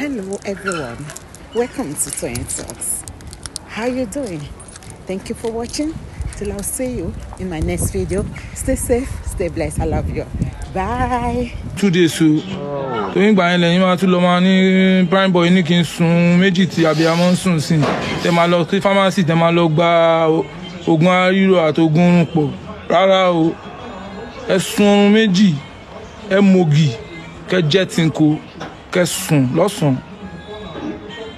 Hello everyone. Welcome to Twin Talks. How you doing? Thank you for watching. Till I'll see you in my next video. Stay safe, stay blessed. I love you. Bye. Two days to Tóyìn gbà yẹn lẹ́yìn máa tún lọ máa ní prime boy ní kí n sun méjì tí abiyamọ ń sùn sí i tẹ máa lọ sí pharmacy tẹ máa lọ gba oògùn aríro àti oògùn oorun pọ̀ rárá o ẹ sun oorun méjì ẹ mọ̀gì kẹ jẹ́ tìǹkó kẹsùn lọ́sàn-án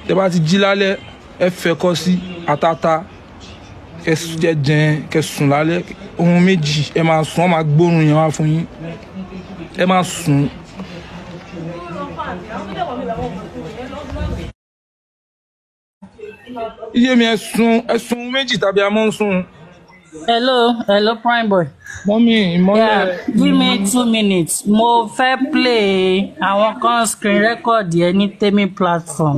tẹ bá ti jí lálẹ́ ẹ fẹ̀kọ sí àtàtà kẹsùjẹ jẹn kẹsùn lálẹ́ ohun méjì ẹ máa sùn ọ máa gbóòórùn yẹn wá fún yín ẹ máa sùn iye mi ẹ̀sùn ẹ̀sùn méjì tàbí amọ́sùn hello hello prime boy. mọ́mí ìmọ́lẹ̀. Yeah, give me two minutes mo fẹ́ play àwọn kan screen record yẹn ní temi platform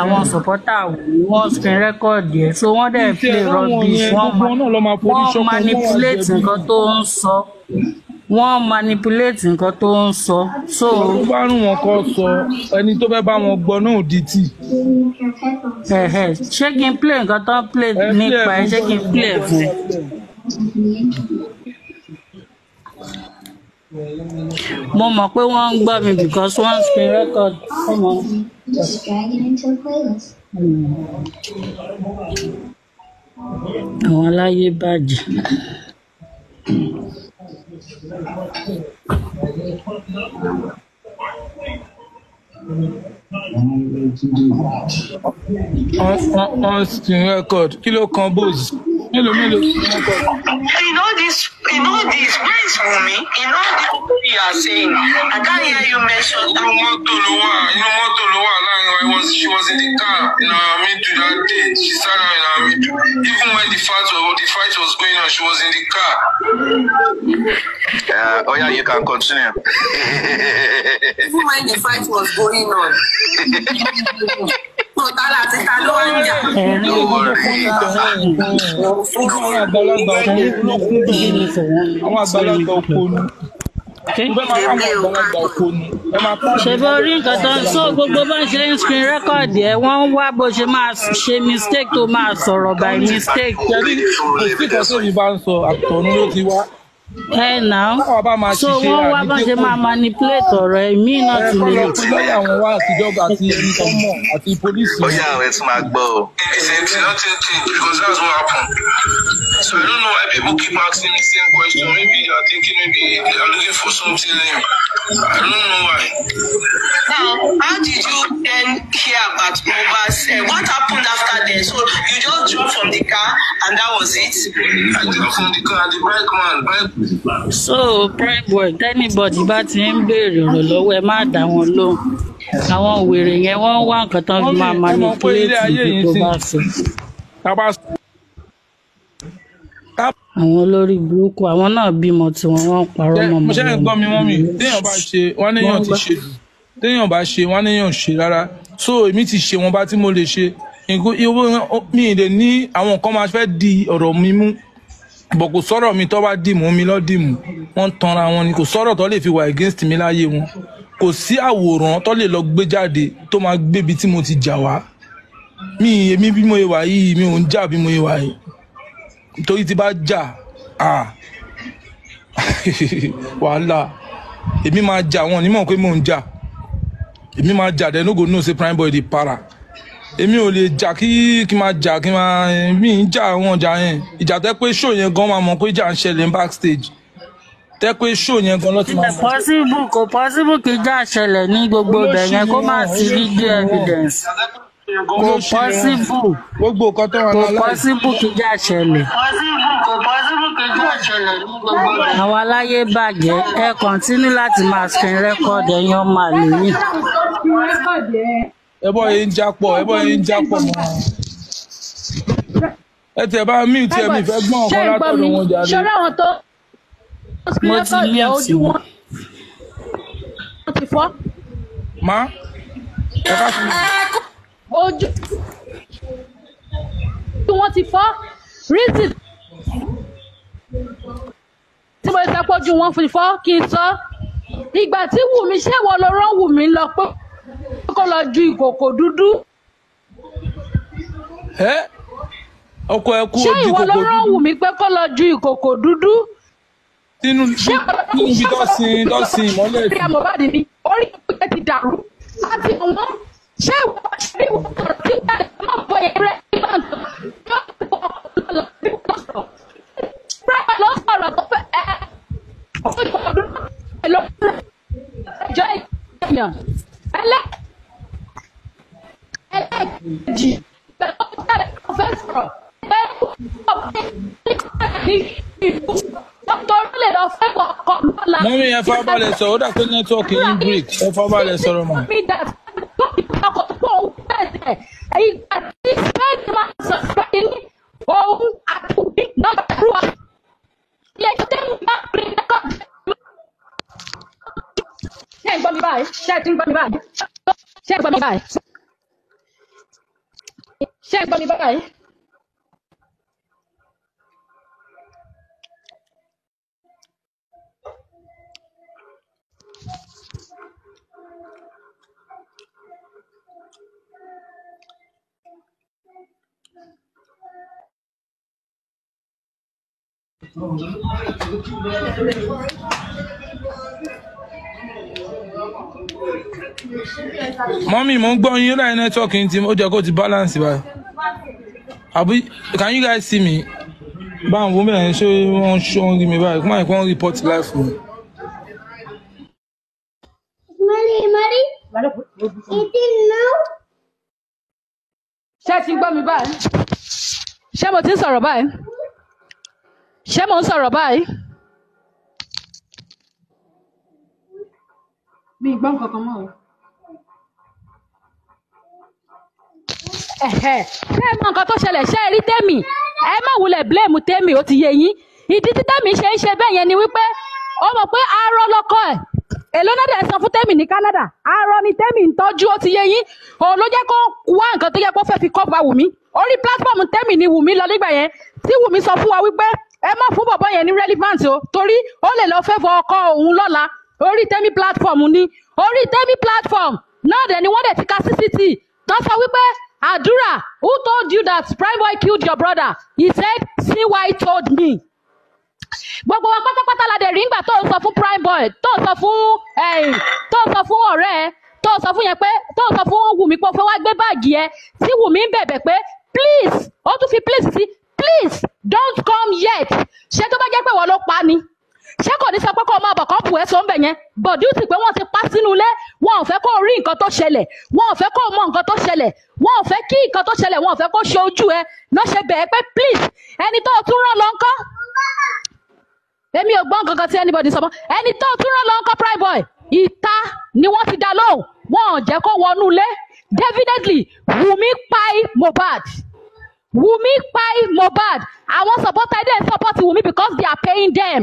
àwọn supporter wọn screen record yẹn so wọ́n dẹ̀ play rubbish wọ́n manipulate nǹkan tó ń sọ. So wọ́n manipulate nǹkan tó ń sọ. so tó bá rùn wọn kọ́ sọ ẹni tó fẹ́ bá wọn gbọ́ náà ò di tì. ṣé kí n play nǹkan tó ń play nípa ẹ ṣé kí n play fún. mo mọ̀ pé wọ́n ń gbọ́ mi because wọ́n ń screen record. àwọn aláyé bàjẹ́ on screen record kí ló kan bose mélòó mélòó. in all this in all this where is Wunmi in all this are saying. I can't hear you mention. Inú mọ́tò ló wà, inú mọ́tò She was in the car in our middle that day. She sat in our middle. Even when the fight was, going on, she was in the car. Uh, oh yeah, you can continue. Even when the fight was going on. Àwọn àgbàlagbà òpó ni ṣèbí orí nǹkan tó ń gbogbo bá ń ṣe ń screen record ẹ wọ́n ń wá bó ṣe máa ṣe mistake tó máa sọ̀rọ̀ by mistake. ṣèbí òsì kan yìí bá ń sọ àtọ̀nù ló ti wá ẹ nà so wọn wá bá ṣe máa manipulate ọ̀rọ̀ ẹ̀mí náà ti lè lò. lọ́yà wọn wá àtijọba àti ìtọ́mọ̀ àti pólísì. ọjà rẹ tún máa gbọ́ o. it's empty nothing change because that's what happen. so i don't know why people keep asking me same question maybe they are thinking maybe they are looking for something new i don't know why. now how did you then hear about Mohbad uh, what happened after then so you just drop from the car and that was it. i drop from the car the bike man bike so prime boy tẹ́nìbọ̀dì bá ti ń béèrè ọ̀rọ̀ lọ́wọ́ ẹ má dá wọn lóhùn àwọn wèrè yẹn wọ́n ń wá nǹkan tán fi máa manipulate ibi tó bá fẹ́. àwọn olórí burúkú àwọn náà bímọ tiwọn wọ́n parọ́ mọ́ mọ́. mo ṣe ń gbọ́ mi wọ́n mi téèyàn bá ṣe wọ́n níyàn ti ṣe jù téèyàn bá ṣe wọ́n níyàn ṣe rárá so èmi ti ṣe wọn bá tí mo lè ṣe mi ì lè ní àwọn nǹkan máa fẹ́ di ọ̀rọ̀ mi mú bọ̀ kò sọ̀rọ̀ mi tó bá dìmú mi lọ́ dìmú wọ́n ń tanra wọn ni kò sọ̀rọ̀ tó lè fi wà against mi láyé wọn kò sí àwòrán tó lè lọ gbé jáde tó máa gbébi tí mo ti jà wá mi èmi bí mo wà yìí mi ò ń jà bí mo wà yìí torí ti bá jà ah wàhálà èmi máa jà wọn onímọ̀ pé mo ń jà èmi máa jà dẹ́nugo no say Primeboy dey para èmi ò lè jà kí kí máa jà kí máa mi ń jà wọn jà yẹn ìjà tẹ́ pé show yẹn gan máa mọ̀ pé jà ń ṣẹlẹ̀ ní backstage tẹ́ pé show yẹn gan lọ́tí máa mọ̀. possible kò possible kí jà ṣẹlẹ̀ ní gbogbo ibẹ̀ yẹn kó má sí video evidence kò possible gbogbo nǹkan tó wà láàyè kò possible kí jà ṣẹlẹ̀. kò possible kí jà ṣẹlẹ̀ ní gbogbo ibẹ̀. àwọn aláyé bàjẹ́ ẹ kọ́ntínú láti máa screen record ẹ̀yàn máa lè yìn ẹbọ yìí ń jápọ̀ ẹbọ yìí ń jápọ̀ mọ́ ẹ tẹ bá mí tẹ mi fẹ́ gbọ́n ọ̀kan látọ̀dọ̀ wọn jáde. ṣọ́ra àwọn tó mo ti ní àti wọn. ma ẹ ká sí. ojú tí wọ́n ti fọ́ rísì tí mo ti sọ pé ojú wọn fi fọ́ kí n sọ ìgbà tí wù mí ṣé ìwọ lọ pé kó lọ ju ìkòkò dúdú. ọkọ ẹ kú ojú ìkòkò dúdú. ṣé ìwọ ló rán wù mí pé kó lọ ju ìkòkò dúdú. sínú níbi dọ́sìn dọ́sìn ìmọ́lẹ̀ ìlú. Mohbad ni orí ìpínlẹ̀ ti dàrú láti ọ̀wọ́n ṣé ìwọ ṣe bí ìwọ kọ̀ọ̀rọ̀ kí wọ́n lè má bọ ẹ̀rẹ́ mọ́mí ẹ fọ́ balẹ̀ sọ̀rọ̀ ó dà pé nẹ́tíwọ́ọ̀kì yín break ẹ fọ́ balẹ̀ sọ̀rọ̀ mọ́. ẹ̀yin àti fẹ́ẹ̀dì máa sọ̀rọ̀ ẹ̀yin òun àtúndì nọ́mbà tó wà. ilé iṣẹ́ ń bá pè é lẹ́kọ̀ọ́. ṣé ẹ gbọ́ mi báyìí ṣé ẹ ti ń gbọ́ mi báyìí ṣé ẹ gbọ́ mi báyìí ṣé ẹ gbọ́ mi báyìí. mọ́mí mo ń gbọ́ yín láì nẹ́tíwọ́ọ̀kì ní ti ó jẹ́ kó ti balance báyìí àbí can you guys see me báwọn wo mẹ́rin ṣé wọ́n ń rí mi báyìí kúmọ̀ ìpọ́n report life mi. mari mari ìdí náà. ṣé ẹ ti ń gbọ́ mi báyìí ṣé mo ti ń sọ̀rọ̀ báyìí ṣé mò ń sọ̀rọ̀ báyìí. mi gbọ́ nǹkan kan mọ́ o. ṣé ẹ mọ nǹkan tó ṣẹlẹ̀ ṣé ẹ rí tèmi ẹ má wulẹ̀ blame tèmi ó ti yé yín ìdí tí tèmi ṣe ń ṣe bẹ́ẹ̀ yẹn ni wípé ó mọ̀ pé arọ lọ́kọ ẹ̀ èló náà dẹ̀ san fún tèmi ní Canada arọ ni tèmi ń tọ́jú ó ti yé yín òun ló jẹ́ kó wá nǹkan tó yẹ kó fẹ́ fi kọ́ pa Wùmí orí platform tèmi ni Wùmí lọ nígbà yẹn tí Wùmí sọ fún wa wípé ẹ má fún bọ̀bọ̀ yẹn ní relevant o torí ó lè lọ fẹ́ fọ ọkọ òun lọ́la orí tẹ́mí platform ni orí tẹ́mí platform náà dẹ̀ ni wọ́n dẹ̀ ti ka cct tó sọ wípé àdúrà who told you that prime boy killed your brother he said CY told me gbogbo wa pátápátá la dẹ̀ rí ngbà tó ń sọ fún prime boy tó ń sọ fún eh, tó ń sọ fún ọ̀rẹ́ ẹ tó ń sọ fún yẹn pé tó ń sọ fún wùmí pé ó fẹ́ wá gbé báàgì ẹ tí wùmí ń bẹ̀bẹ̀ pé please ó tún fi please sí please don't come yet ṣé tó bá jẹ́ pé wọ́n ló pa ni ṣé kò ní sọ pé kó o máa bọ̀ kán bù ẹ́ sóńbẹ̀ yẹn but due to pé wọ́n ti pa sínú ilé wọn ò fẹ́ kó o rí nǹkan tó ṣẹlẹ̀ wọn ò fẹ́ kó o mọ nǹkan tó ṣẹlẹ̀ wọn ò fẹ́ kí nǹkan tó ṣẹlẹ̀ wọn ò fẹ́ kó ṣe ojú ẹ náà ṣe bẹ̀ẹ́ pé please ẹni tó o tún rán lọ ńkọ́ èmi ò gbọ́ nǹkan tí anybody sọ mọ́ ẹni tó o tún rán lọ ńkọ́ prime boy ìta ni wọ́n ti dá lóhùn wọn ò jẹ́ kó wọnú ilé definitely Wùmí pa Mohbad. Wunmi kpai Mohbad. Àwọn supporter dẹ̀ ń support Wunmi because they are paying them.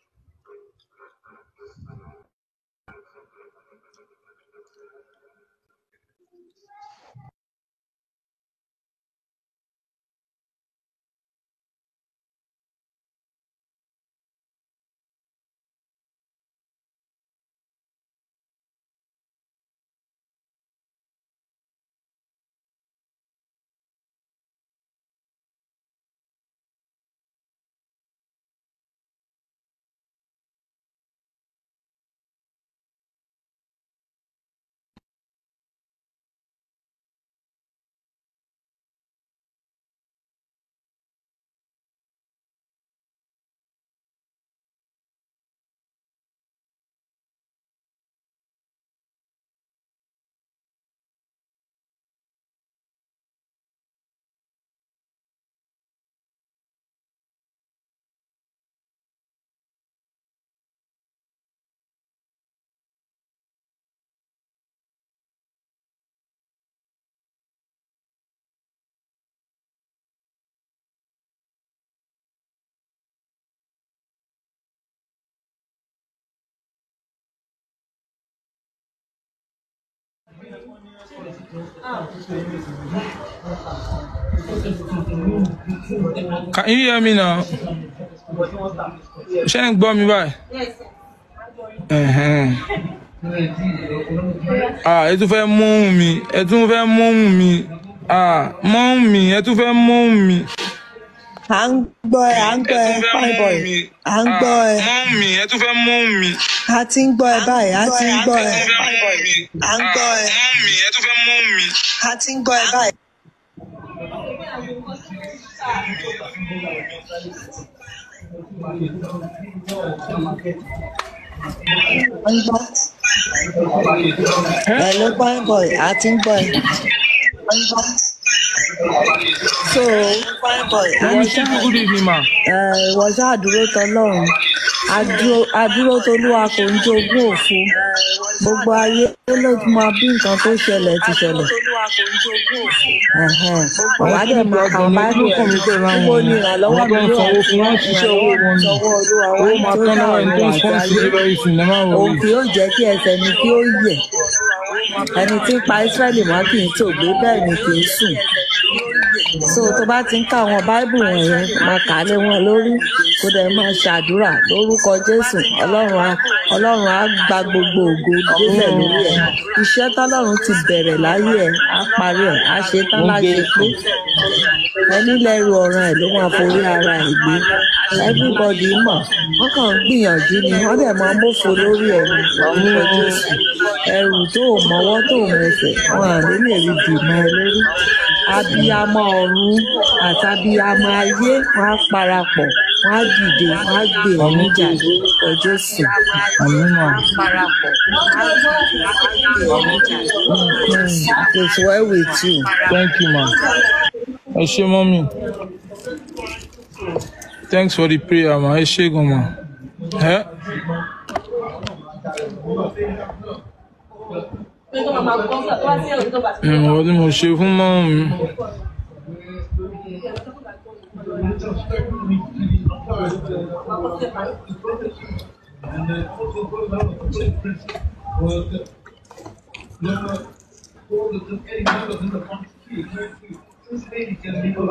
Can you hear me now? Ṣé ń gbọ́ mi báyìí? Ah, ẹ tún fẹ́ mọ́hùn mi, ẹ tún fẹ́ mọ́hùn mi, ah, mọ́hùn mi, ẹ tún fẹ́ mọ́hùn mi. à ń gbọ́ ẹ à ń gbọ́ boy à ń gbọ́ ẹ. mú mi ẹ ah, boy, fẹ́ mú mi. a mommy, ń gbọ́ ẹ mommy, a ah, boy, ń gbọ́ ẹ boy à ń gbọ́ ẹ. mú mi boy so good evening ma. ìwọ̀sá àdúró tọlọ́run àdúró tolúwa kò ń jogún òfu gbogbo ayé ló máa bí nǹkan tó ṣẹlẹ̀ ti ṣẹlẹ̀. wàá dẹ̀ máa kà báyìí kò ní pé wọ́n ní ìrànlọ́wọ́ mi ló wà fún wọn ṣiṣẹ́ owó wọn ní ọwọ́ olúwa wọn tó dáhùn ìrìn àjò ayé òkè yóò jẹ́ kí ẹsẹ̀ mi kí ó yẹ̀. Ẹni tí ń pa Ísírẹ́lì mọ́ kì í tòògbé bẹ́ẹ̀ ni kì í sùn so tó bá ti ń ka àwọn báíbù wọ̀nyẹn máa kà á lé wọn lórí kó dẹ̀ máa ṣàdúrà lórúkọ jésù ọlọ́run á gba gbogbo ògo délẹ̀ lórí ẹ̀ iṣẹ́ tọ́lọ́run ti bẹ̀rẹ̀ láyé ẹ̀ á parí ẹ̀ á ṣe tán láṣẹ pé ẹni lẹ́rù ọ̀ràn ẹ̀ ló máa forí ara ẹ̀ gbé everybody mọ̀ wọ́n kàn ń gbìyànjú ni wọ́n dẹ̀ máa mófo lórí ẹ̀ lórúkọ jésù ẹrù tó mọ́wọ́ tó mẹsẹ̀ wọn à ní lè rí dì máa lórí abiyamọ ọ̀run àti abiyamọ ayé wọn á parapọ̀ wọn á dìde wọn á gbè wọn níjà lórúkọ Jésù àmínà parapọ̀ wọn á dìde wọn á gbè wọn níjà lórúkọ Jésù. it is well with you. thank you ma. ẹ ṣé mọ́mí thanks for the prayer ma ẹ ṣé gan ma. Yeah. ìwọ mm, ni mo ṣe fún mọ́mú mi.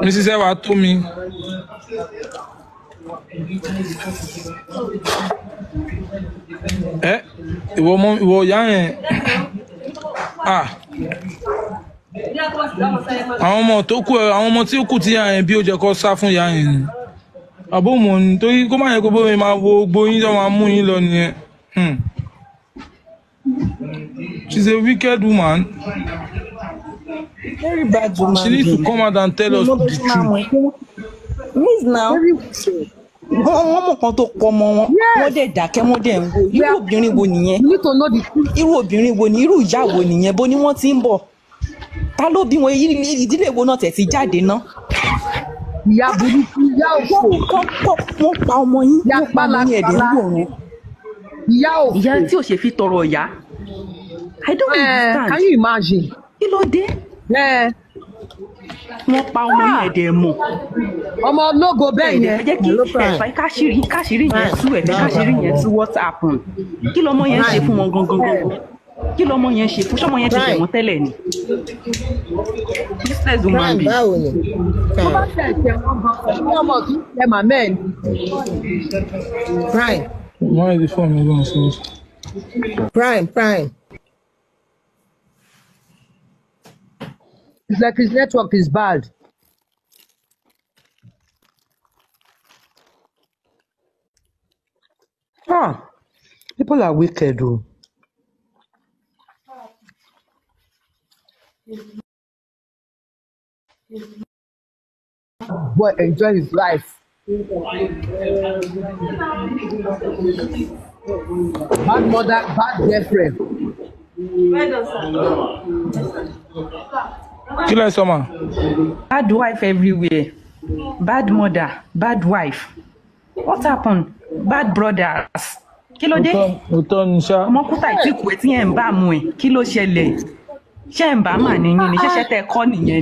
Mrs. Ewa tó mi. Ẹ eh? ìwọ ìyá yẹn. Ah àwọn ọmọ tó kù àwọn ọmọ tí ó kù tí yàrá yẹn bí ó jẹ kó sá fún yàrá yẹn ni àbó mọ̀ ní torí kó má yẹ kó bóyá máa wo gbogbo yín lọ́wọ́ máa mú yín lọ nìyẹn. Hmm. She's a wicked woman. Very bad woman. She needs to come out and tell us the truth. Miss now. wọ́n mọ̀ kan tó kọ ọmọ wọn wọ́n dẹ̀ dákẹ́ wọ́n dẹ̀ ń wo irú obìnrin wo nìyẹn irú obìnrin wo ni irú ìyá wo nìyẹn bó ni wọ́n ti ń bọ̀ ta ló bí wọn ìdílé wo náà tẹ̀ ti jáde ná. ìyá burúkú ìyá òfò wọ́n pa ọmọ yín wọ́n pa ọmọ yín ẹ̀dẹ̀ ń wò wọn. ìyá òfò ìyá tí o ṣe fi tọrọ ọ̀yá. I don't eh, understand. Can you imagine? kí ló dé. Eh. wọ́n pa ọmọ yín ah. ẹ̀dẹ̀ mọ̀. ọmọ ológo bẹ́ẹ̀ yẹn. ẹ jẹ́ kí ẹ̀fà káṣírí káṣírí yẹn tú ẹ̀fẹ̀ ah. káṣírí yẹn tú WhatsApp kí lọmọ yẹn ah. ṣe fún wọn gangan gangan kí lọmọ yẹn ṣe fún sọmọ yẹn ti ṣẹ̀wọ̀n tẹ́lẹ̀ ni business woman bi báwo eh. ni prime. why the phone no don so. prime prime. it's like his network is bad. Huh. Ah, people are wicked o. Boy enjoyed his life. Bad mother, bad girlfriend. Kí lẹ sọ Bad wife everywhere. Bad mother, bad wife. What happened? Bad brothers. Kí ló dé? Ọmọkúta ìtìkú ẹ̀ tí ẹ̀ ń mu ẹ̀. Kí ló ṣé ẹ̀ ń bá mà nìyí ni ṣẹ́ṣẹ́ ah, ah. tẹ́ ẹ kọ́ nìyẹn